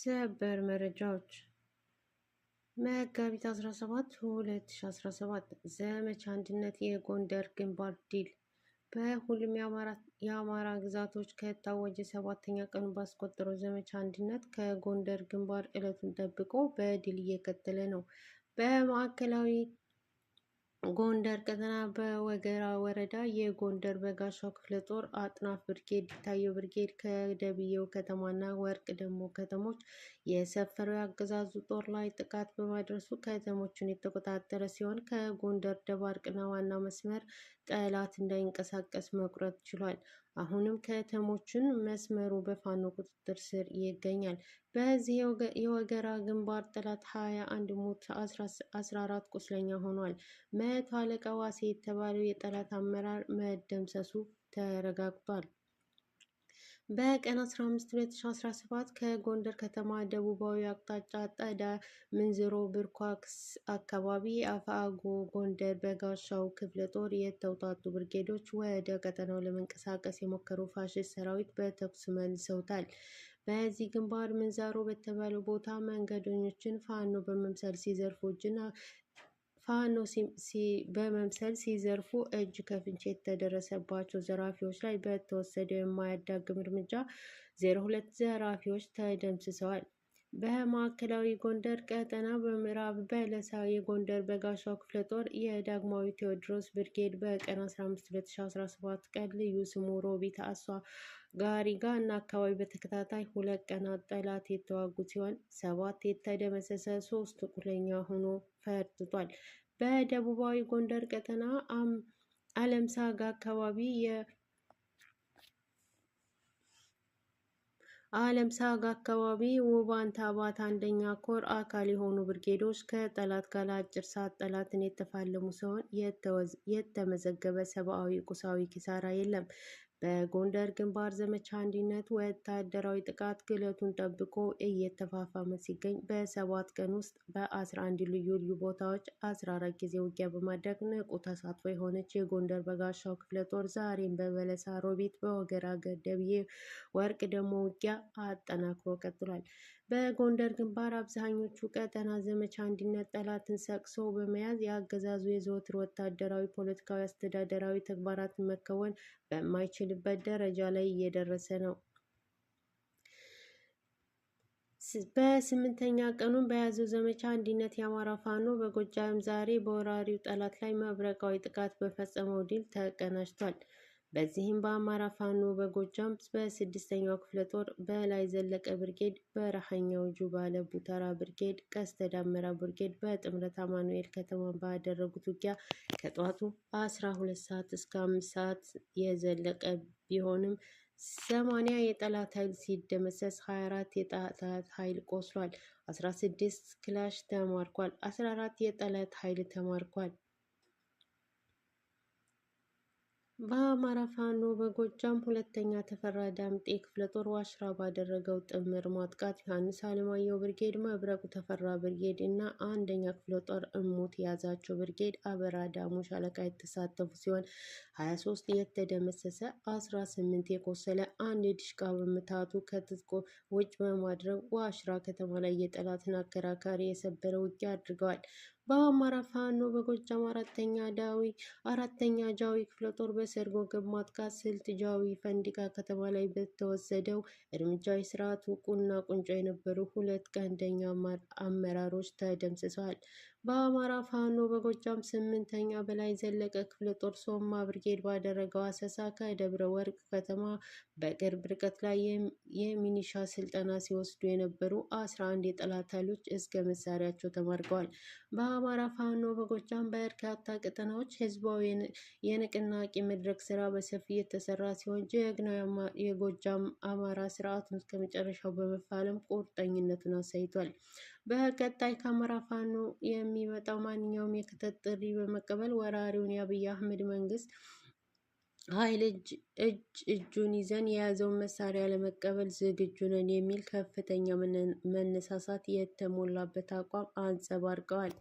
ሰበር መረጃዎች መጋቢት 17 2017 ዘመቻ አንድነት የጎንደር ግንባር ድል በሁሉም የአማራ ግዛቶች ከታወጀ ሰባተኛ ቀኑ ባስቆጠረው ዘመቻ አንድነት ከጎንደር ግንባር ዕለቱን ጠብቆ በድል እየቀጠለ ነው። በማዕከላዊ ጎንደር ቀጠና በወገራ ወረዳ የጎንደር በጋሻው ክፍለ ጦር አጥናፍ ብርጌድ፣ ይታየው ብርጌድ ከደብየው ከተማና ወርቅ ደሞ ከተሞች የሰፈረው የአገዛዙ ጦር ላይ ጥቃት በማድረሱ ከተሞችን የተቆጣጠረ ሲሆን ከጎንደር ደባርቅና ዋና መስመር ጠላት እንዳይንቀሳቀስ መቁረጥ ችሏል። አሁንም ከተሞችን መስመሩ በፋኖ ቁጥጥር ስር ይገኛል። በዚህ የወገራ ግንባር ጠላት 21 ሞት 14 ቁስለኛ ሆኗል። መቶ አለቃ ዋሴ የተባለው የጠላት አመራር መደምሰሱ ተረጋግጧል። በቀን 15 2017 ከጎንደር ከተማ ደቡባዊ አቅጣጫ ጠዳ ምንዝሮ ብርኳክስ አካባቢ አፋጎ ጎንደር በጋሻው ክፍለ ጦር የተውጣጡ ብርጌዶች ወደ ቀጠናው ለመንቀሳቀስ የሞከሩ ፋሽስት ሰራዊት በተኩስ መልሰውታል። በዚህ ግንባር ምንዛሮ በተባለው ቦታ መንገደኞችን ፋኖ በመምሰል ሲዘርፉ እጅና ፋኖ በመምሰል ሲዘርፉ እጅ ከፍንጭ የተደረሰባቸው ዘራፊዎች ላይ በተወሰደው የማያዳግም እርምጃ 02 ዘራፊዎች ተደምስሰዋል። በማዕከላዊ ጎንደር ቀጠና በምዕራብ በለሳ የጎንደር በጋሻው ክፍለ ጦር የዳግማዊ ቴዎድሮስ ብርጌድ በቀን 15/2017 ቀን ልዩ ስሙ ሮቢት አሷ ጋሪጋ እና አካባቢ በተከታታይ ሁለት ቀናት ጠላት የተዋጉ ሲሆን ሰባት የተደመሰሰ ሶስት ቁስለኛ ሆኖ ፈርጥቷል። በደቡባዊ ጎንደር ቀጠና አለምሳጋ አካባቢ አለም ሳግ አካባቢ ውባንታ ባት አንደኛ ኮር አካል የሆኑ ብርጌዶች ከጠላት ጋር አጭር ሰዓት ጠላትን የተፋለሙ ሲሆን የተመዘገበ ሰብአዊ ቁሳዊ ኪሳራ የለም። በጎንደር ግንባር ዘመቻ አንድነት ወታደራዊ ጥቃት ክለቱን ጠብቆ እየተፋፋመ ሲገኝ በሰባት ቀን ውስጥ በ11 ልዩ ልዩ ቦታዎች 14 ጊዜ ውጊያ በማድረግ ንቁ ተሳትፎ የሆነች የጎንደር በጋሻው ክፍለ ጦር ዛሬም በበለሳ ሮቢት፣ በወገራ ገደብዬ ወርቅ ደግሞ ውጊያ አጠናክሮ ቀጥሏል። በጎንደር ግንባር አብዛኞቹ ቀጠና ዘመቻ አንድነት ጠላትን ሰቅሶ በመያዝ የአገዛዙ የዘወትር ወታደራዊ፣ ፖለቲካዊ፣ አስተዳደራዊ ተግባራትን መከወን በማይችልበት ደረጃ ላይ እየደረሰ ነው። በስምንተኛ ቀኑን በያዘው ዘመቻ አንድነት የአማራ ፋኖ በጎጃም ዛሬ በወራሪው ጠላት ላይ መብረቃዊ ጥቃት በፈጸመው ድል ተቀናጅቷል። በዚህም በአማራ ፋኖ በጎጃም በስድስተኛው ክፍለ ጦር በላይ ዘለቀ ብርጌድ፣ በረሃኛው እጁ ባለ ቡተራ ብርጌድ፣ ቀስተ ዳመራ ብርጌድ በጥምረት አማኑኤል ከተማ ባደረጉት ውጊያ ከጠዋቱ 12 ሰዓት እስከ 5 ሰዓት የዘለቀ ቢሆንም ሰማንያ የጠላት ኃይል ሲደመሰስ 24 የጠላት ኃይል ቆስሏል፣ 16 ክላሽ ተማርኳል፣ 14 የጠላት ኃይል ተማርኳል። በአማራ ፋኖ በጎጃም ሁለተኛ ተፈራ ዳምጤ ክፍለ ጦር ዋሽራ ባደረገው ጥምር ማጥቃት ዮሐንስ አለማየሁ ብርጌድ፣ መብረቁ ተፈራ ብርጌድ እና አንደኛ ክፍለ ጦር እሙት የያዛቸው ብርጌድ አበራ ዳሞ ሻለቃ የተሳተፉ ሲሆን 23 የተደመሰሰ 18 የቆሰለ አንድ ድሽቃ በመታቱ ከትጥቆ ውጭ በማድረግ ዋሽራ ከተማ ላይ የጠላትን አከራካሪ የሰበረ ውጊያ አድርገዋል። በአማራ ፋኖ በጎጃም አራተኛ ዳዊ አራተኛ ጃዊ ክፍለ ጦር በሰርጎ ገብ ማጥቃት ስልት ጃዊ ፈንዲቃ ከተማ ላይ በተወሰደው እርምጃ የስርዓቱ ቁና ቁንጮ የነበሩ ሁለት ቀንደኛ አመራሮች ተደምስሰዋል። በአማራ ፋኖ በጎጃም ስምንተኛ በላይ ዘለቀ ክፍለ ጦር ሶማ ብርጌድ ባደረገው አሰሳ ከደብረ ወርቅ ከተማ በቅርብ ርቀት ላይ የሚኒሻ ስልጠና ሲወስዱ የነበሩ አስራ አንድ የጠላት ኃይሎች እስከ መሳሪያቸው ተማርከዋል። በአማራ ፋኖ በጎጃም በርካታ ቀጠናዎች ህዝባዊ የንቅናቄ መድረክ ስራ በሰፊ የተሰራ ሲሆን ጀግናው የጎጃም አማራ ስርዓቱን እስከ መጨረሻው በመፋለም ቁርጠኝነቱን አሳይቷል። በቀጣይ ከአማራ ፋኖ የሚመጣው ማንኛውም የክተት ጥሪ በመቀበል ወራሪውን የአብይ አህመድ መንግስት ኃይል እጅ እጁን ይዘን የያዘውን መሳሪያ ለመቀበል ዝግጁ ነን የሚል ከፍተኛ መነሳሳት የተሞላበት አቋም አንጸባርቀዋል።